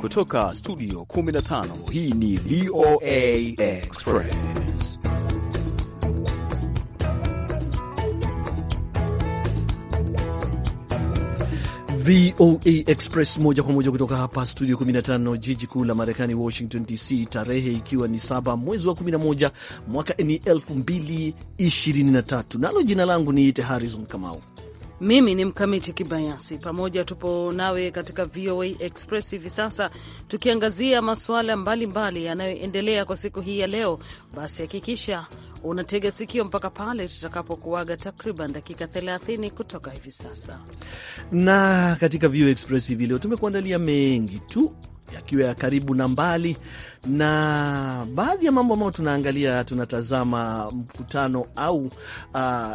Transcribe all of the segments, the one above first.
Kutoka studio 15 hii ni VOA Express. VOA Express moja kwa moja kutoka hapa studio 15 jiji kuu la Marekani, Washington DC, tarehe ikiwa ni saba mwezi wa 11 mwaka ni 2023, nalo jina langu niite Harrison Kamau mimi ni Mkamiti Kibayasi, pamoja tupo nawe katika VOA Express hivi sasa tukiangazia masuala mbalimbali yanayoendelea kwa siku hii ya leo. Basi hakikisha unatega sikio mpaka pale tutakapokuaga takriban dakika 30 kutoka hivi sasa. Na katika VOA Express hivi leo tumekuandalia mengi tu yakiwa ya karibu na mbali, na baadhi ya mambo ambayo tunaangalia, tunatazama mkutano au uh,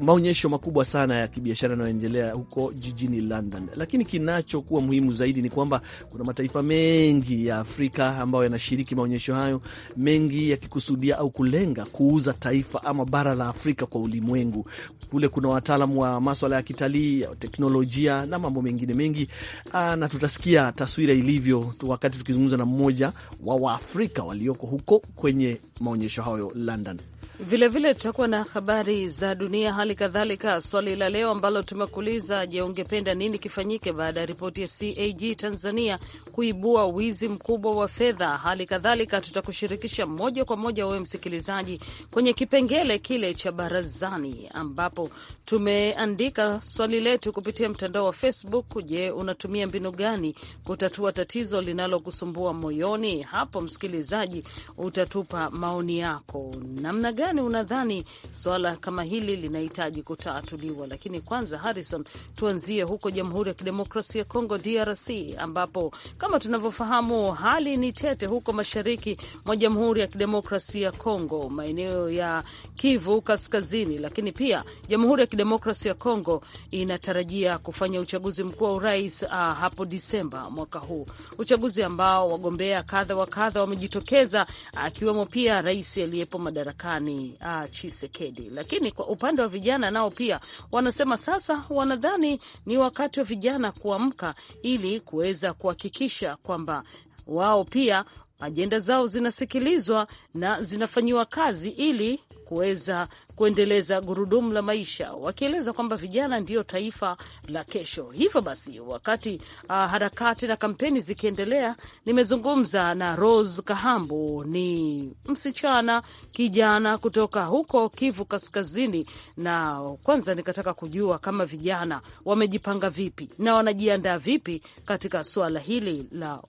maonyesho makubwa sana ya kibiashara yanayoendelea huko jijini London, lakini kinachokuwa muhimu zaidi ni kwamba kuna mataifa mengi ya Afrika ambayo yanashiriki maonyesho hayo, mengi yakikusudia au kulenga kuuza taifa ama bara la Afrika kwa ulimwengu. Kule kuna wataalamu wa maswala ya kitalii, teknolojia na mambo mengine mengi, ah, na tutasikia taswira ilivyo wakati tukizungumza na mmoja wa Waafrika walioko huko kwenye maonyesho hayo London. Vilevile tutakuwa na habari za dunia, hali kadhalika swali la leo ambalo tumekuuliza: Je, ungependa nini kifanyike baada ya ripoti ya CAG Tanzania kuibua wizi mkubwa wa fedha? Hali kadhalika tutakushirikisha moja kwa moja wewe msikilizaji kwenye kipengele kile cha barazani, ambapo tumeandika swali letu kupitia mtandao wa Facebook. Je, unatumia mbinu gani kutatua tatizo linalokusumbua moyoni? Hapo msikilizaji, utatupa maoni yako namna gani gani unadhani swala kama hili linahitaji kutatuliwa? Lakini kwanza, Harrison, tuanzie huko Jamhuri ya Kidemokrasia ya Kongo, DRC, ambapo kama tunavyofahamu hali ni tete huko mashariki mwa Jamhuri ya Kidemokrasia ya Kongo, maeneo ya Kivu Kaskazini. Lakini pia Jamhuri ya Kidemokrasia ya Kongo inatarajia kufanya uchaguzi mkuu wa urais uh, hapo Disemba mwaka huu, uchaguzi ambao wagombea kadha wa kadha wamejitokeza, akiwemo uh, pia rais aliyepo madarakani uh, ah, Chisekedi. Lakini kwa upande wa vijana nao pia wanasema sasa wanadhani ni wakati wa vijana kuamka ili kuweza kuhakikisha kwamba wao pia ajenda zao zinasikilizwa na zinafanyiwa kazi ili kuweza kuendeleza gurudumu la maisha, wakieleza kwamba vijana ndiyo taifa la kesho. Hivyo basi, wakati uh, harakati na kampeni zikiendelea, nimezungumza na Rose Kahambu, ni msichana kijana kutoka huko Kivu Kaskazini, na kwanza nikataka kujua kama vijana wamejipanga vipi na wanajiandaa vipi katika suala hili la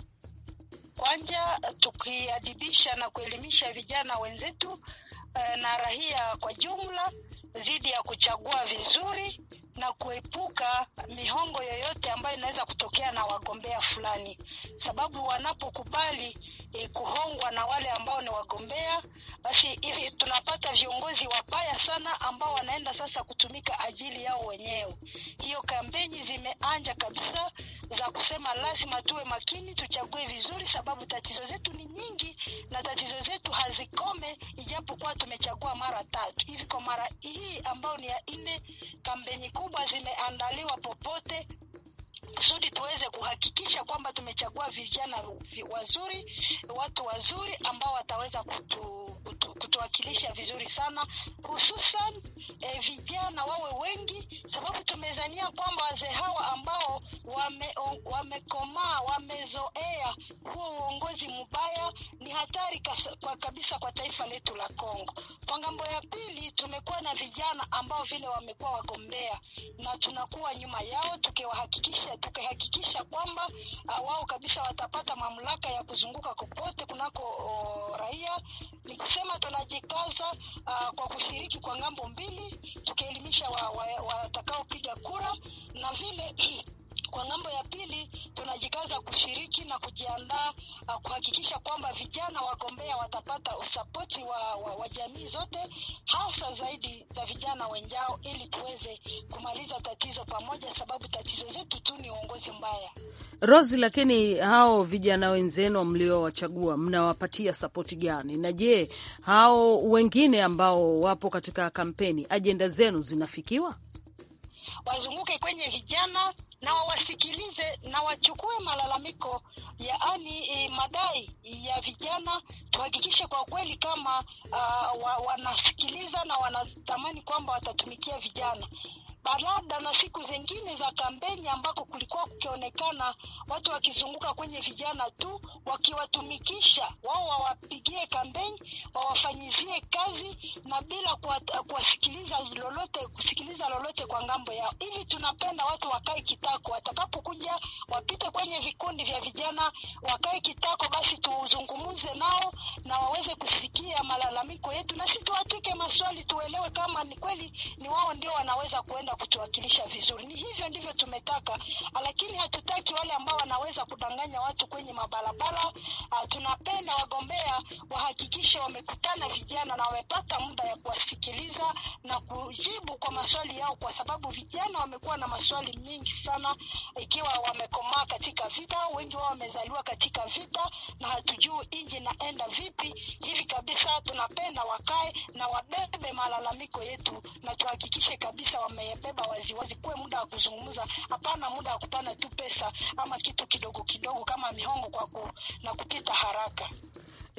kwanja eh, tukiadibisha na kuelimisha vijana wenzetu eh, na rahia kwa jumla dhidi ya kuchagua vizuri na kuepuka mihongo yoyote ambayo inaweza kutokea na wagombea fulani, sababu wanapokubali eh, kuhongwa na wale ambao ni wagombea, basi hivi tunapata viongozi wabaya sana ambao wanaenda sasa kutumika ajili yao wenyewe. Hiyo kampeni zimeanja kabisa za kusema lazima tuwe makini, tuchague vizuri, sababu tatizo zetu ni nyingi na tatizo zetu hazikome, ijapokuwa tumechagua mara tatu hivi kwa mara hii hii ambayo ni ya nne, kampeni kubwa zimeandaliwa popote kusudi tuweze kuhakikisha kwamba tumechagua vijana wazuri, watu wazuri ambao wataweza kutu kutuwakilisha vizuri sana, hususan eh, vijana wawe wengi, sababu tumezania kwamba wazee hawa ambao wamekomaa, wame wamezoea huo uongozi mbaya ni hatari kasa, kwa kabisa kwa taifa letu la Kongo. Kwa ngambo ya pili, tumekuwa na vijana ambao vile wamekuwa wagombea na tunakuwa nyuma yao, tukiwahakikisha tukihakikisha kwamba ah, wao kabisa watapata mamlaka ya kuzunguka kopote kunako o, oh, raia nikisema tunajikaza uh, kwa kushiriki kwa ng'ambo mbili, tukielimisha watakaopiga wa, wa, kura na vile Kwa ng'ambo ya pili, tunajikaza kushiriki na kujiandaa uh, kuhakikisha kwamba vijana wagombea watapata usapoti wa, wa, wa jamii zote, hasa zaidi za vijana wenjao, ili tuweze kumaliza tatizo pamoja, sababu tatizo zetu tu ni uongozi mbaya. Rosi, lakini hao vijana wenzenu mliowachagua mnawapatia sapoti gani? Na je, hao wengine ambao wapo katika kampeni, ajenda zenu zinafikiwa? Wazunguke kwenye vijana na wasikilize na wachukue malalamiko yaani, e, madai ya vijana. Tuhakikishe kwa kweli kama uh, wa, wanasikiliza na wanatamani kwamba watatumikia vijana labda na siku zingine za kampeni ambako kulikuwa kukionekana watu wakizunguka kwenye vijana tu wakiwatumikisha wao, wawapigie kampeni, wawafanyizie kazi na bila kuwasikiliza lolote, kusikiliza lolote kwa ngambo yao. Hivi tunapenda watu wakae kita kitako, watakapokuja wapite kwenye vikundi vya vijana, wakae kitako, basi tuzungumze nao na waweze kusikia malalamiko yetu, na sisi tuwatike maswali, tuelewe kama ni kweli ni wao ndio wanaweza kuenda kutuwakilisha vizuri. Ni hivyo ndivyo tumetaka, ah, lakini hatutaki wale ambao wanaweza kudanganya watu kwenye mabarabara. Ah, tunapenda wagombea wahakikishe wamekutana vijana na wamepata muda ya kuwasikiliza na kujibu kwa maswali yao, kwa sababu vijana wamekuwa na maswali nyingi sana, ah, ikiwa wamekomaa katika vita, wengi wao wamezaliwa katika vita na hatujui inji naenda vita vipi hivi kabisa. Tunapenda wakae na wabebe malalamiko yetu, na tuhakikishe kabisa wamebeba waziwazi, kuwe muda wa kuzungumza, hapana muda wa kupana tu pesa ama kitu kidogo kidogo kama mihongo kwa ku, na kupita haraka.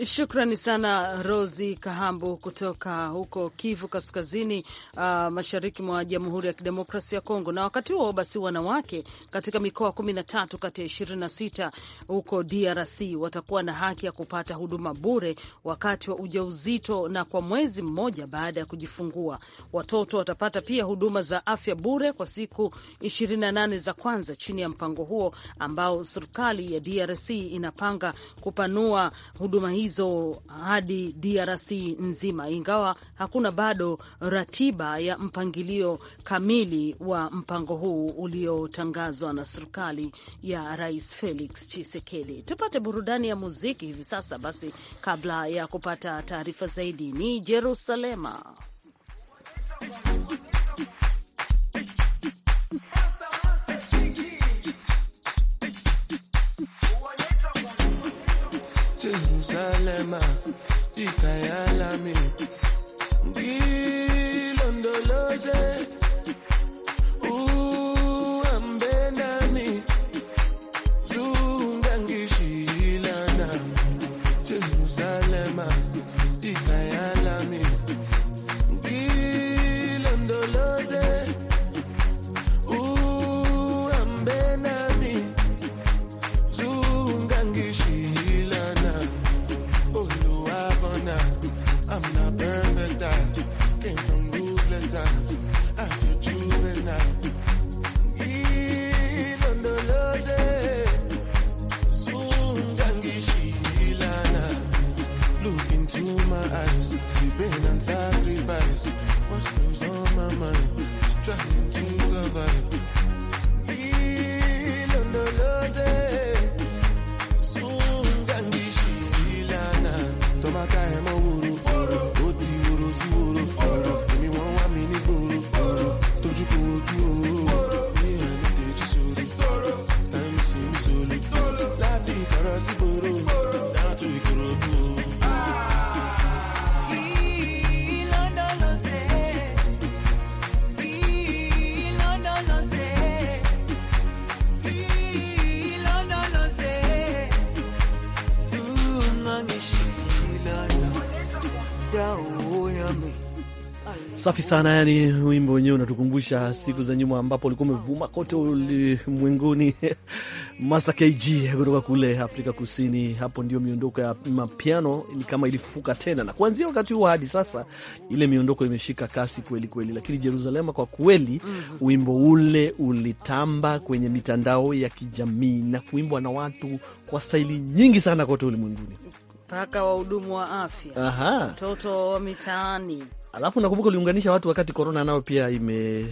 Shukrani sana Rosi Kahambu kutoka huko Kivu Kaskazini, uh, mashariki mwa Jamhuri ya Kidemokrasia ya Kongo. Na wakati huo basi, wanawake katika mikoa 13 kati ya 26 huko DRC watakuwa na haki ya kupata huduma bure wakati wa ujauzito na kwa mwezi mmoja baada ya kujifungua. Watoto watapata pia huduma za afya bure kwa siku 28 za kwanza chini ya mpango huo ambao serikali ya DRC inapanga kupanua huduma hizi hizo hadi DRC nzima, ingawa hakuna bado ratiba ya mpangilio kamili wa mpango huu uliotangazwa na serikali ya Rais Felix Tshisekedi. Tupate burudani ya muziki hivi sasa basi, kabla ya kupata taarifa zaidi. Ni Jerusalema Jerusalem, ikayalami. Ngilondoloze. Safi sana. Yani wimbo wenyewe unatukumbusha siku za nyuma ambapo ulikuwa umevuma kote ulimwenguni Master KG kutoka kule Afrika Kusini. Hapo ndio miondoko ya mapiano ni kama ilifufuka tena, na kuanzia wakati huo hadi sasa ile miondoko imeshika kasi kweli kweli, lakini Jerusalema kwa kweli mhm. Wimbo ule ulitamba kwenye mitandao ya kijamii na kuimbwa na watu kwa staili nyingi sana kote ulimwenguni mpaka wahudumu wa afya, mtoto wa mitaani Alafu nakumbuka uliunganisha watu wakati korona nao pia ime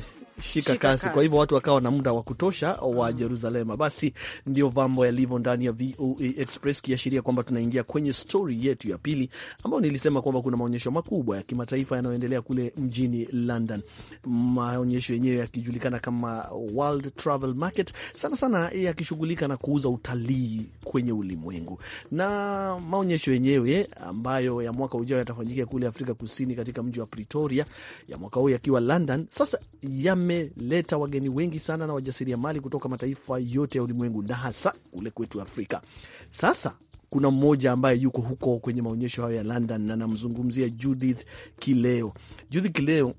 shika kasi. Kasi. Kwa hivyo watu wakawa na muda wa kutosha wa mm. Jerusalema. Basi ndio mambo yalivyo ndani ya VOA Express, kiashiria kwamba tunaingia kwenye story yetu ya pili, ambayo nilisema kwamba kuna maonyesho makubwa ya kimataifa yanayoendelea kule mjini London, maonyesho yenyewe yakijulikana kama World Travel Market, sana sana yakishughulika na kuuza utalii kwenye ulimwengu, na maonyesho yenyewe ambayo ya mwaka ujao yatafanyika kule Afrika Kusini katika mji wa Pretoria, ya mwaka huu yakiwa London. Sasa yame limeleta wageni wengi sana na wajasiriamali kutoka mataifa yote ya ulimwengu na hasa kule kwetu Afrika. Sasa kuna mmoja ambaye yuko huko kwenye maonyesho hayo ya London na namzungumzia Judith Kileo. Judith Kileo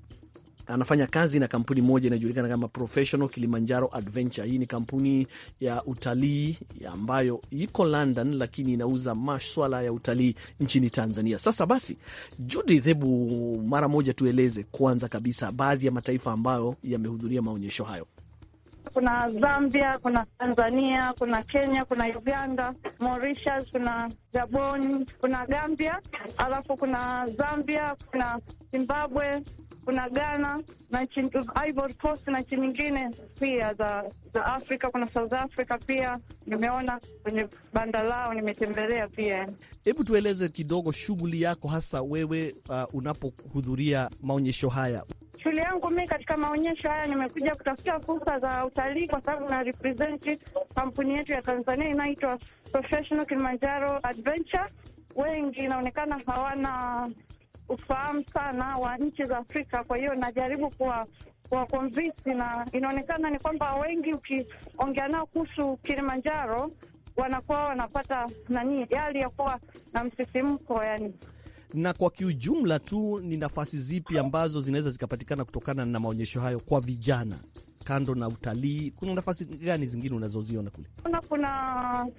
anafanya kazi na kampuni moja inayojulikana kama Professional Kilimanjaro Adventure. Hii ni kampuni ya utalii ambayo iko London, lakini inauza maswala ya utalii nchini Tanzania. Sasa basi, Judith, hebu mara moja tueleze kwanza kabisa baadhi ya mataifa ambayo yamehudhuria maonyesho hayo. Kuna Zambia, kuna Tanzania, kuna Kenya, kuna Uganda, Mauritius, kuna Gabon, kuna Gambia, alafu kuna Zambia, kuna Zimbabwe, kuna Ghana na nchi Ivory Coast na nchi nyingine pia za za Afrika. Kuna South Africa pia nimeona kwenye banda lao, nimetembelea pia. Hebu tueleze kidogo shughuli yako hasa wewe, uh, unapohudhuria maonyesho haya. Shughuli yangu mimi katika maonyesho haya nimekuja kutafuta fursa za utalii, kwa sababu na represent kampuni yetu ya Tanzania inaitwa Professional Kilimanjaro Adventure. Wengi inaonekana hawana ufahamu sana wa nchi za Afrika. Kwa hiyo najaribu kuwa kwa konvinsi na inaonekana ni kwamba wengi ukiongea nao kuhusu Kilimanjaro wanakuwa wanapata nani hali ya kuwa na msisimko yani. Na kwa kiujumla tu, ni nafasi zipi ambazo zinaweza zikapatikana kutokana na maonyesho hayo kwa vijana? kando na utalii, kuna nafasi gani zingine unazoziona kule? Kuna, kuna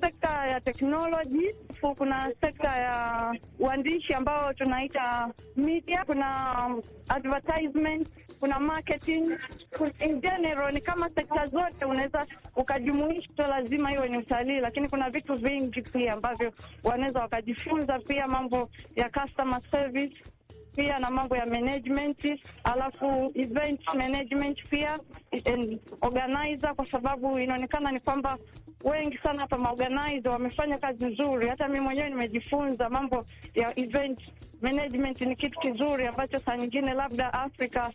sekta ya teknoloji, kuna sekta ya uandishi ambao tunaita media, kuna advertisement, kuna marketing. In general ni kama sekta zote unaweza ukajumuisha, lazima iwe ni utalii, lakini kuna vitu vingi pia ambavyo wanaweza wakajifunza, pia mambo ya customer service pia na mambo ya management, alafu event management pia and organizer, kwa sababu inaonekana ni kwamba wengi sana hapa maorganizer wamefanya kazi nzuri. Hata mimi mwenyewe nimejifunza mambo ya event management, ni kitu kizuri ambacho saa nyingine labda Afrika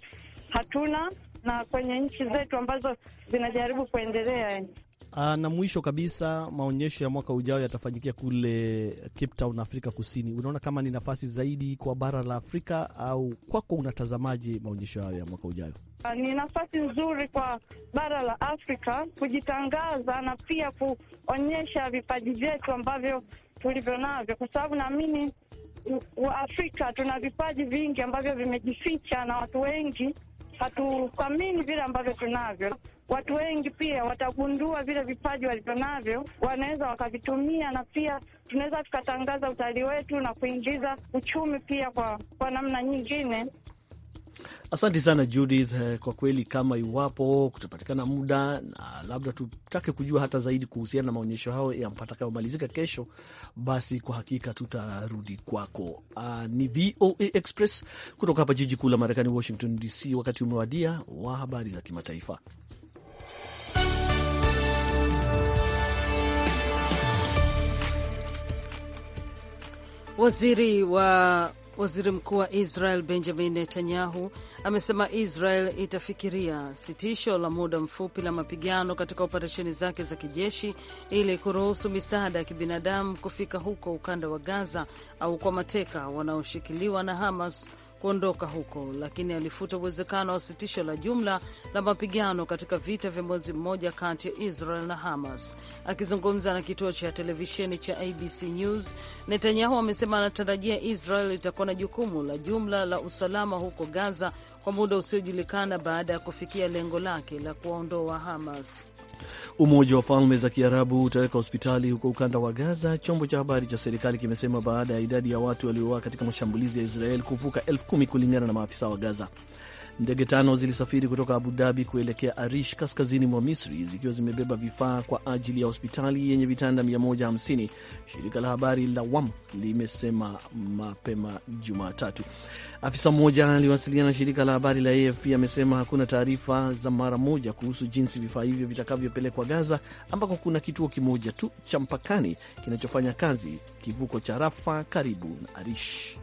hatuna na kwenye nchi zetu ambazo zinajaribu kuendelea yani. Ah, na mwisho kabisa maonyesho ya mwaka ujao yatafanyikia kule Cape Town, Afrika Kusini. Unaona kama ni nafasi zaidi kwa bara la Afrika au kwako, unatazamaje maonyesho hayo ya mwaka ujao? Ah, ni nafasi nzuri kwa bara la Afrika kujitangaza na pia kuonyesha vipaji vyetu ambavyo tulivyo navyo, kwa sababu naamini afrika tuna vipaji vingi ambavyo vimejificha na watu wengi hatuthamini vile ambavyo tunavyo watu wengi pia watagundua vile vipaji walivyonavyo, wanaweza wakavitumia, na pia tunaweza tukatangaza utalii wetu na kuingiza uchumi pia kwa, kwa namna nyingine. Asante sana Judith, eh, kwa kweli, kama iwapo kutapatikana muda na labda tutake kujua hata zaidi kuhusiana na maonyesho hayo mpatakayomalizika kesho, basi kwa hakika tutarudi kwako. Uh, ni VOA Express kutoka hapa jiji kuu la Marekani, Washington DC. Wakati umewadia wa habari za kimataifa. Waziri wa waziri mkuu wa Israel Benjamin Netanyahu amesema Israel itafikiria sitisho la muda mfupi la mapigano katika operesheni zake za kijeshi ili kuruhusu misaada ya kibinadamu kufika huko ukanda wa Gaza au kwa mateka wanaoshikiliwa na Hamas kuondoka huko, lakini alifuta uwezekano wa sitisho la jumla la mapigano katika vita vya mwezi mmoja kati ya Israel na Hamas. Akizungumza na kituo cha televisheni cha ABC News, Netanyahu amesema anatarajia Israel itakuwa na jukumu la jumla la usalama huko Gaza kwa muda usiojulikana baada ya kufikia lengo lake la kuwaondoa Hamas. Umoja wa Falme za Kiarabu utaweka hospitali huko ukanda wa Gaza, chombo cha habari cha serikali kimesema baada ya idadi ya watu waliouawa katika mashambulizi ya Israel kuvuka elfu kumi kulingana na maafisa wa Gaza. Ndege tano zilisafiri kutoka Abu Dhabi kuelekea Arish, kaskazini mwa Misri, zikiwa zimebeba vifaa kwa ajili ya hospitali yenye vitanda 150, shirika la habari la WAM limesema mapema Jumatatu. Afisa mmoja aliwasiliana na shirika la habari la AFP amesema hakuna taarifa za mara moja kuhusu jinsi vifaa hivyo vitakavyopelekwa Gaza, ambako kuna kituo kimoja tu cha mpakani kinachofanya kazi, kivuko cha Rafa karibu na Arish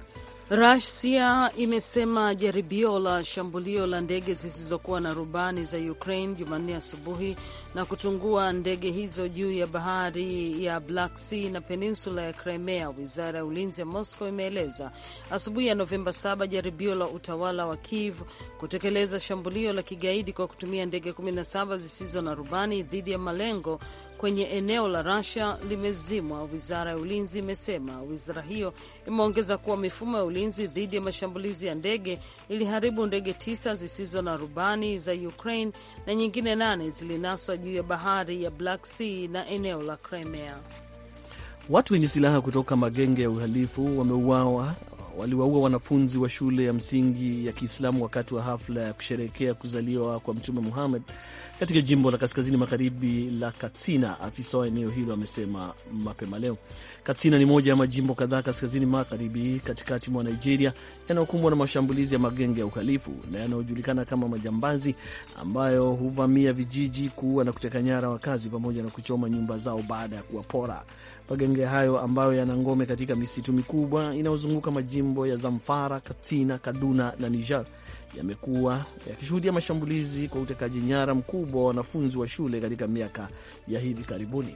rasia imesema jaribio la shambulio la ndege zisizokuwa na rubani za Ukraine Jumanne asubuhi na kutungua ndege hizo juu ya bahari ya Black Sea na peninsula ya Crimea, wizara ya ulinzi ya Moscow imeeleza asubuhi ya Novemba 7. Jaribio la utawala wa Kiev kutekeleza shambulio la kigaidi kwa kutumia ndege 17 zisizo na rubani dhidi ya malengo kwenye eneo la rusia limezimwa, wizara ya ulinzi imesema. Wizara hiyo imeongeza kuwa mifumo ya ulinzi dhidi ya mashambulizi ya ndege iliharibu ndege tisa zisizo na rubani za Ukraine na nyingine nane zilinaswa juu ya bahari ya Black Sea na eneo la Crimea. Watu wenye silaha kutoka magenge ya uhalifu wameuawa waliwaua wanafunzi wa shule ya msingi ya Kiislamu wakati wa hafla ya kusherehekea kuzaliwa kwa Mtume Muhammad katika jimbo la kaskazini magharibi la Katsina. Afisa wa eneo hilo amesema mapema leo. Katsina ni moja ya majimbo kadhaa kaskazini magharibi, katikati mwa Nigeria, yanayokumbwa na mashambulizi ya magenge ya uhalifu na yanayojulikana kama majambazi, ambayo huvamia vijiji, kuua na kuteka nyara wakazi pamoja na kuchoma nyumba zao baada ya kuwapora. Magenge hayo ambayo yana ngome katika misitu mikubwa inayozunguka majimbo ya Zamfara, Katsina, Kaduna na Niger yamekuwa yakishuhudia mashambulizi kwa utekaji nyara mkubwa wa wanafunzi wa shule katika miaka ya hivi karibuni.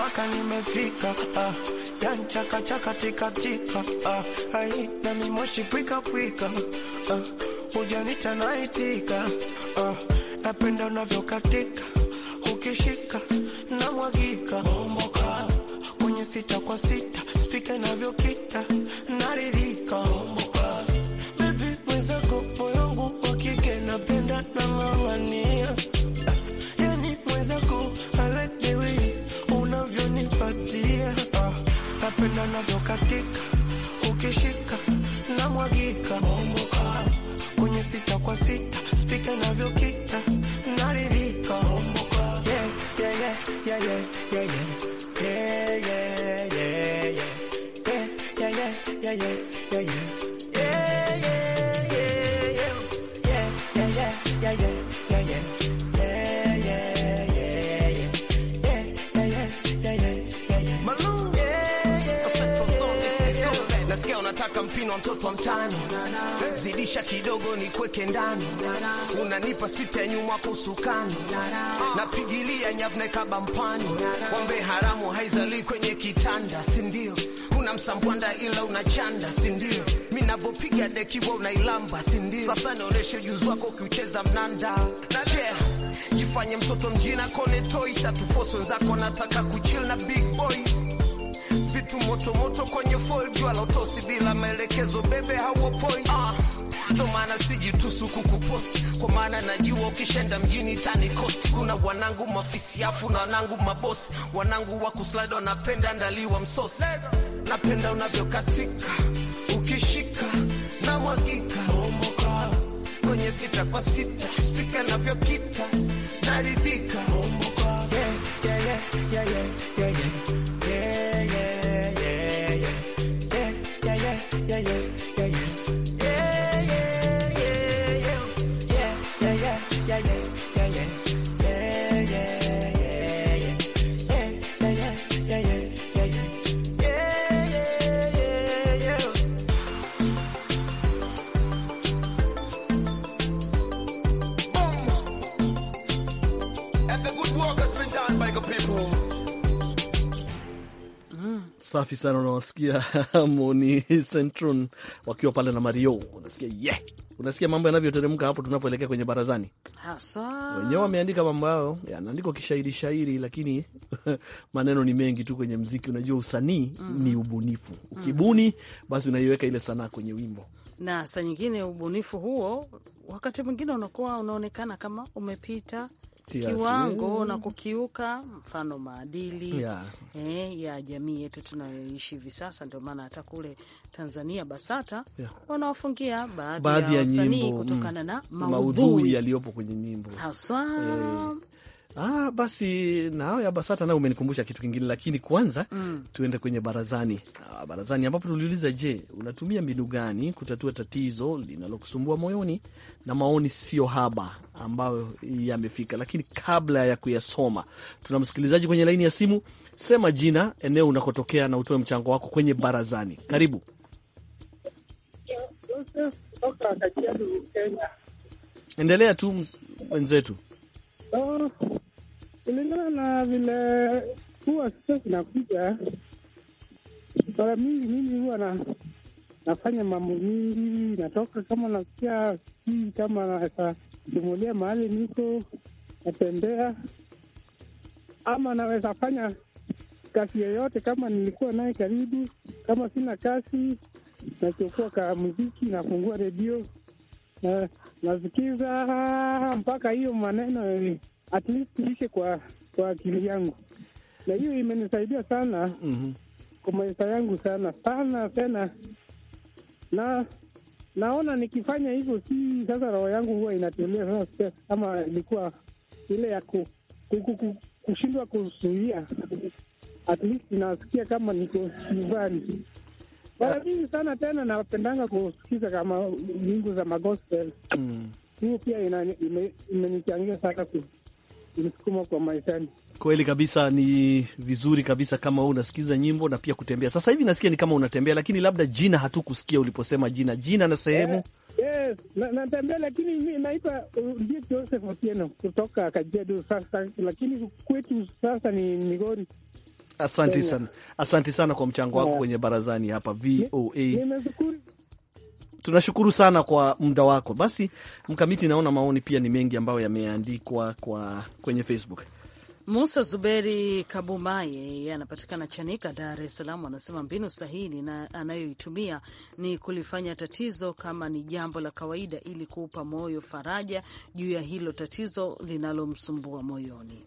mpaka nimefika ah, yani chaka chaka tika tika ah, ai nami moshi pwika pwika ah, ujanita naitika ah, napenda unavyokatika ukishika na mwagika bomboka kwenye sita kwa sita spika inavyokita naririka bomboka bebi mwenzako moyo wangu wa kike napenda na ng'ang'ania Napenda navyokatika ukishika na mwagika kwenye sita kwa sita spika navyo kidogo ni kweke ndani, unanipa sita ya nyuma kusukani, napigilia nyavne kabampani, wambe haramu haizalii kwenye kitanda, sindio? Unamsambwanda ila unachanda, sindio? Minavyopiga deki wa unailamba, sindio? Sasa naoneshe ujuzi wako ukiucheza mnanda yeah. Jifanye mtoto mjina kone toys atufose wenzako nataka kuchill na big boys, vitu motomoto kwenye foil, jua la utosi bila maelekezo, bebe hawo point uh ndo maana sijitusuku kukupost kwa maana najua ukishenda mjini tani kosti. Kuna wanangu mafisiafu na wanangu mabosi, wanangu wa kuslide wanapenda ndaliwa msosi, napenda unavyokatika ukishika na mwagika kwenye sita kwa sita, spika navyokita naridhika. yeah, yeah, yeah, yeah, yeah, yeah. Safi sana, unawasikia Moni Centron wakiwa pale na Mario, unasikia yeah. Unasikia mambo yanavyoteremka hapo tunapoelekea kwenye barazani Wenyewe wameandika mambo yao yanaandikwa kishairi shairi, lakini maneno ni mengi tu kwenye mziki. Unajua usanii mm -hmm. ni ubunifu, mhm. ukibuni mm -hmm. basi unaiweka ile sanaa kwenye wimbo na saa nyingine ubunifu huo wakati mwingine unakuwa unaonekana kama umepita kiwango na kukiuka mfano maadili yeah, eh, ya jamii yetu tunayoishi hivi sasa. Ndio maana hata kule Tanzania BASATA yeah, wanawafungia baadhi ya wasanii mm. kutokana mm, na maudhui, maudhui yaliyopo kwenye nyimbo haswa eh. Ah, basi nawe Abasata nawe umenikumbusha kitu kingine, lakini kwanza mm, tuende kwenye barazani. Ah, barazani ambapo tuliuliza, je, unatumia mbinu gani kutatua tatizo linalokusumbua moyoni? Na maoni sio haba ambayo yamefika, lakini kabla ya kuyasoma, tuna msikilizaji kwenye laini ya simu. Sema jina, eneo unakotokea na utoe mchango wako kwenye barazani. Karibu. Endelea tu mwenzetu. Oh, kulingana na vile huwa sio zinakuja mara mingi, mimi huwa na nafanya mambo mingi, natoka kama nasikia sii kama naweza jumulia mahali niko natembea, ama naweza fanya kazi yoyote kama nilikuwa naye karibu. Kama sina kazi, nachukua ka muziki, nafungua redio na nasikiza mpaka hiyo maneno at least kwa kwa akili yangu, na hiyo imenisaidia sana mm -hmm. kwa maisha yangu sana sana tena na naona nikifanya hivyo, si sasa roho yangu huwa inatulia sasa stress, ama ilikuwa ile ya ku, ku, ku, ku, kushindwa kuzuia, at least inasikia kama niko nyumbani mara mingi ah. sana tena, napendanga kusikiza kama nyimbo za magospel. Mm. Hiyo pia imenichangia sana msukumo kwa maishani. Kweli kabisa, ni vizuri kabisa kama wewe unasikiza nyimbo na pia kutembea. Sasa hivi nasikia ni kama unatembea, lakini labda jina hatukusikia uliposema jina, jina na sehemu Yes, eh, eh, natembea na lakini mi naitwa uh, Joseph Otieno kutoka Kajiado sasa, lakini kwetu sasa ni Migori. Asante sana, asante sana kwa mchango wako kwenye barazani hapa VOA. Nimeshukuru tunashukuru sana kwa muda wako. Basi Mkamiti, naona maoni pia ni mengi ambayo yameandikwa kwa kwenye Facebook. Musa Zuberi Kabumaye, anapatikana Chanika, Dar es Salaam, anasema mbinu sahihi anayoitumia ni kulifanya tatizo kama ni jambo la kawaida, ili kuupa moyo faraja juu ya hilo tatizo linalomsumbua moyoni.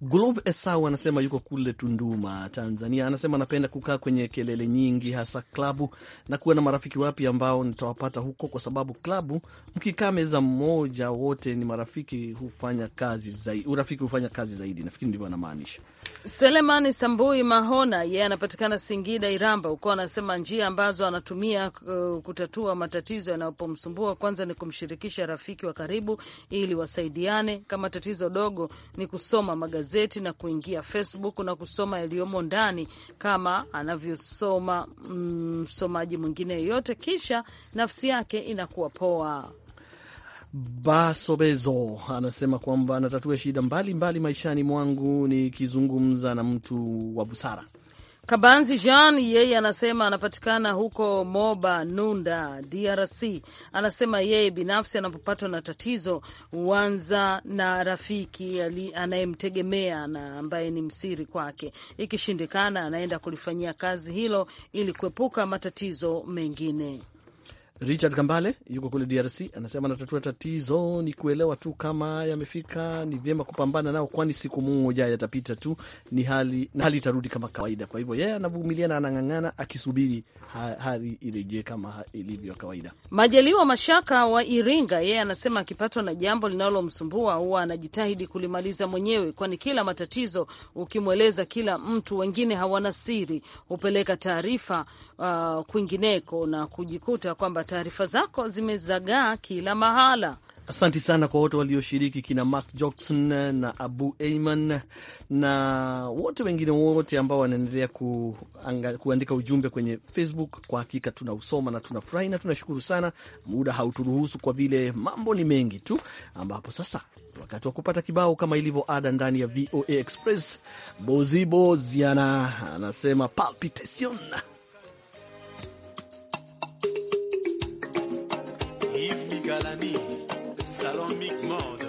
Glove Esau anasema yuko kule Tunduma, Tanzania. Anasema anapenda kukaa kwenye kelele nyingi, hasa klabu na kuwa na marafiki wapya ambao nitawapata huko, kwa sababu klabu mkikaa meza mmoja wote ni marafiki, hufanya kazi zaidi, urafiki hufanya kazi zaidi. Nafikiri ndivyo anamaanisha. Selemani Sambui Mahona yeye, yeah, anapatikana Singida Iramba huko, anasema njia ambazo anatumia uh, kutatua matatizo yanayopomsumbua kwanza ni kumshirikisha rafiki wa karibu ili wasaidiane. Kama tatizo dogo ni kusoma magazeti magazeti na kuingia Facebook na kusoma yaliyomo ndani kama anavyosoma mm, msomaji mm, mwingine yeyote, kisha nafsi yake inakuwa poa. Basobezo anasema kwamba anatatua shida mbalimbali mbali maishani mwangu nikizungumza na mtu wa busara. Kabanzi Jean yeye anasema anapatikana huko Moba Nunda, DRC. Anasema yeye binafsi anapopatwa na tatizo huanza na rafiki anayemtegemea na ambaye ni msiri kwake, ikishindikana anaenda kulifanyia kazi hilo ili kuepuka matatizo mengine. Richard Kambale yuko kule DRC anasema anatatua tatizo ni kuelewa tu kama yamefika, ni vyema kupambana nao, kwani siku moja yatapita tu, ni hali na hali itarudi kama kawaida. Kwa hivyo yeye yeah, anavumilia na anang'ang'ana akisubiri ha, hali irejee kama ilivyo kawaida. Majaliwa Mashaka wa Iringa yeye yeah, anasema akipatwa na jambo linalomsumbua huwa anajitahidi kulimaliza mwenyewe, kwani kila matatizo ukimweleza kila mtu, wengine hawana siri, hupeleka taarifa uh, kwingineko na kujikuta kwamba taarifa zako zimezagaa kila mahala. Asanti sana kwa wote walioshiriki, kina Mark Jackson na Abu Eiman na wote wengine wote ambao wanaendelea kuandika ujumbe kwenye Facebook. Kwa hakika tunausoma na tunafurahi na tunashukuru sana. Muda hauturuhusu kwa vile mambo ni mengi tu, ambapo sasa wakati wa kupata kibao kama ilivyo ada ndani ya VOA Express. Bozibo Ziana anasema palpitation Galani, Salon Micmode.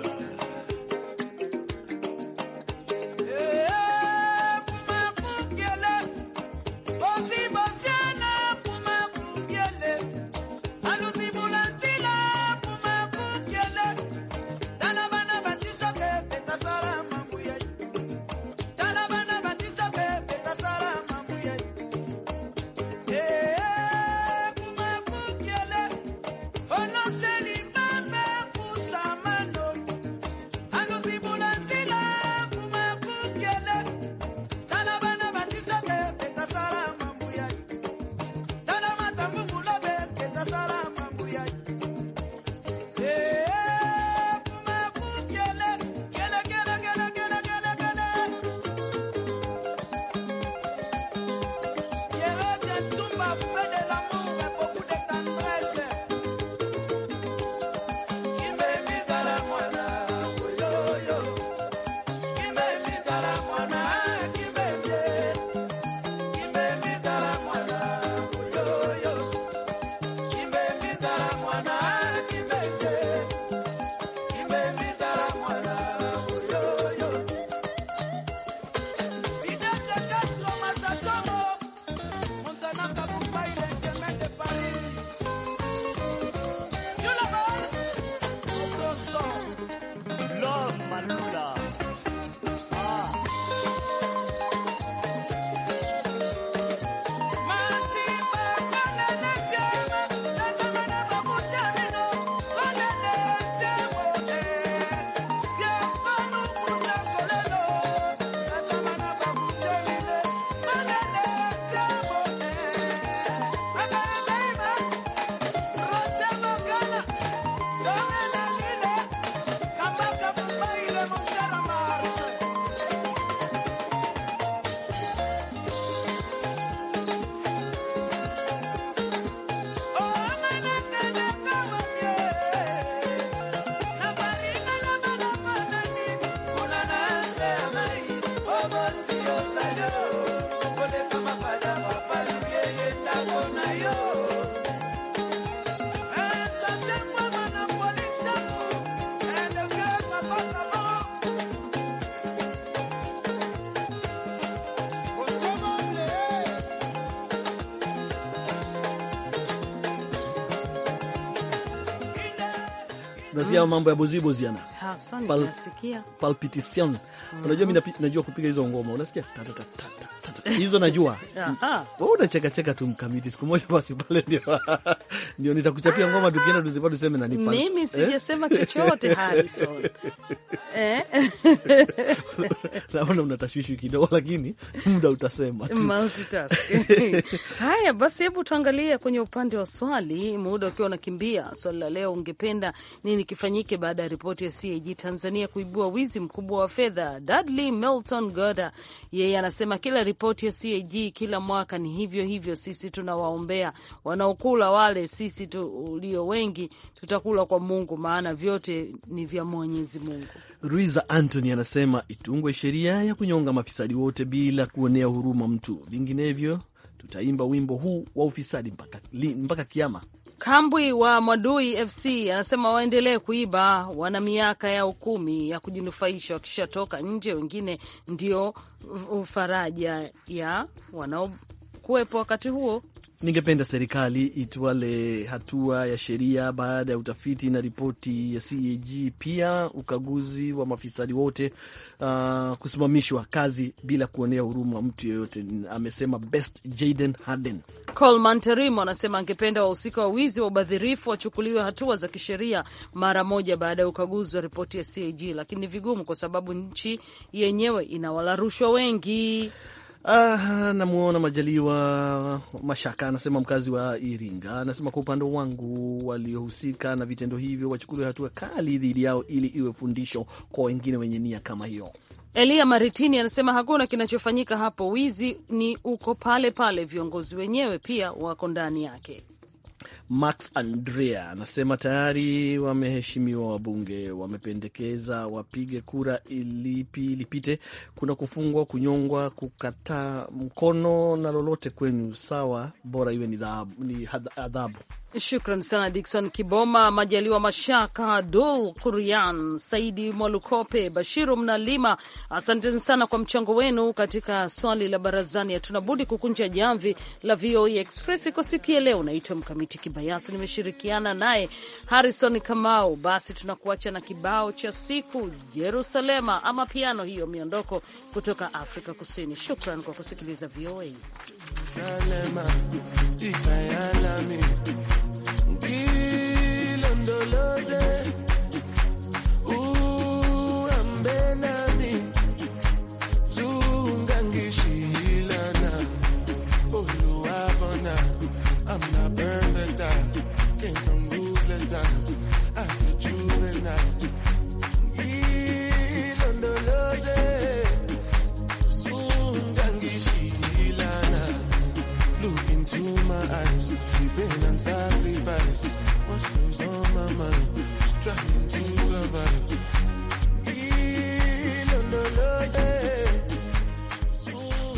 nasikia mm. mambo ya bozibozi ana Pal, palpitation mm -hmm. Unajua mimi najua kupiga hizo ngoma, unasikia tata tata hizo najua. Wewe unacheka cheka tu mkamiti, siku moja basi pale ndio ndio nitakuchapia ngoma tukienda tuzipa tuseme nani pale. Mimi eh? sijasema chochote Harrison. Eh? Naona una kidogo lakini muda utasema tu. Multitask. Haya basi hebu tuangalie kwenye upande wa swali, muda ukiwa unakimbia. Swali la leo, ungependa nini kifanyike baada ya ripoti ya CAG Tanzania kuibua wizi mkubwa wa fedha? Dudley Melton Goda yeye anasema kila ripoti ya CAG kila mwaka ni hivyo hivyo, sisi tunawaombea wanaokula wale si sisi tulio wengi tutakula kwa Mungu, maana vyote ni vya Mwenyezi Mungu. Ruiza Antony anasema itungwe sheria ya kunyonga mafisadi wote bila kuonea huruma mtu, vinginevyo tutaimba wimbo huu wa ufisadi mpaka, mpaka kiama. Kambwi wa Mwadui FC anasema waendelee kuiba, wana miaka yao kumi ya kujinufaisha, wakishatoka nje wengine ndio faraja ya wanao kuwepo wakati huo. Ningependa serikali itwale hatua ya sheria baada ya utafiti na ripoti ya CAG, pia ukaguzi wa mafisadi wote uh, kusimamishwa kazi bila kuonea huruma mtu yeyote, amesema Best Jaden Harden. Coleman Terimo anasema angependa wahusika wa wizi wa ubadhirifu wachukuliwe hatua za kisheria mara moja baada ya ukaguzi wa ripoti ya CAG, lakini ni vigumu kwa sababu nchi yenyewe inawala rushwa wengi. Ah, namwona Majaliwa Mashaka anasema mkazi wa Iringa, anasema kwa upande wangu, waliohusika na vitendo hivyo wachukuliwe hatua kali dhidi yao ili iwe fundisho kwa wengine wenye nia kama hiyo. Elia Maritini anasema hakuna kinachofanyika hapo, wizi ni uko pale pale, viongozi wenyewe pia wako ndani yake. Max Andrea anasema tayari wameheshimiwa wabunge wamependekeza wapige kura ilipi lipite, kuna kufungwa, kunyongwa, kukataa mkono na lolote kwenu, sawa, bora iwe ni adhabu, ni adhabu. Shukran sana Dikson Kiboma, Majaliwa Mashaka, Dul Kurian, Saidi Mwalukope, Bashiru Mnalima, asanteni sana kwa mchango wenu katika swali la barazani. Hatunabudi kukunja jamvi la VOA e Express kwa siku ya leo. Naitwa Mkamiti Kiboma bayasi nimeshirikiana naye Harrison Kamau. Basi tunakuacha na kibao cha siku Jerusalema ama piano, hiyo miondoko kutoka Afrika Kusini. Shukran kwa kusikiliza VOA pain and sacrifice. What's goes on my mind? Just trying to survive. Be, no, no, no, yeah.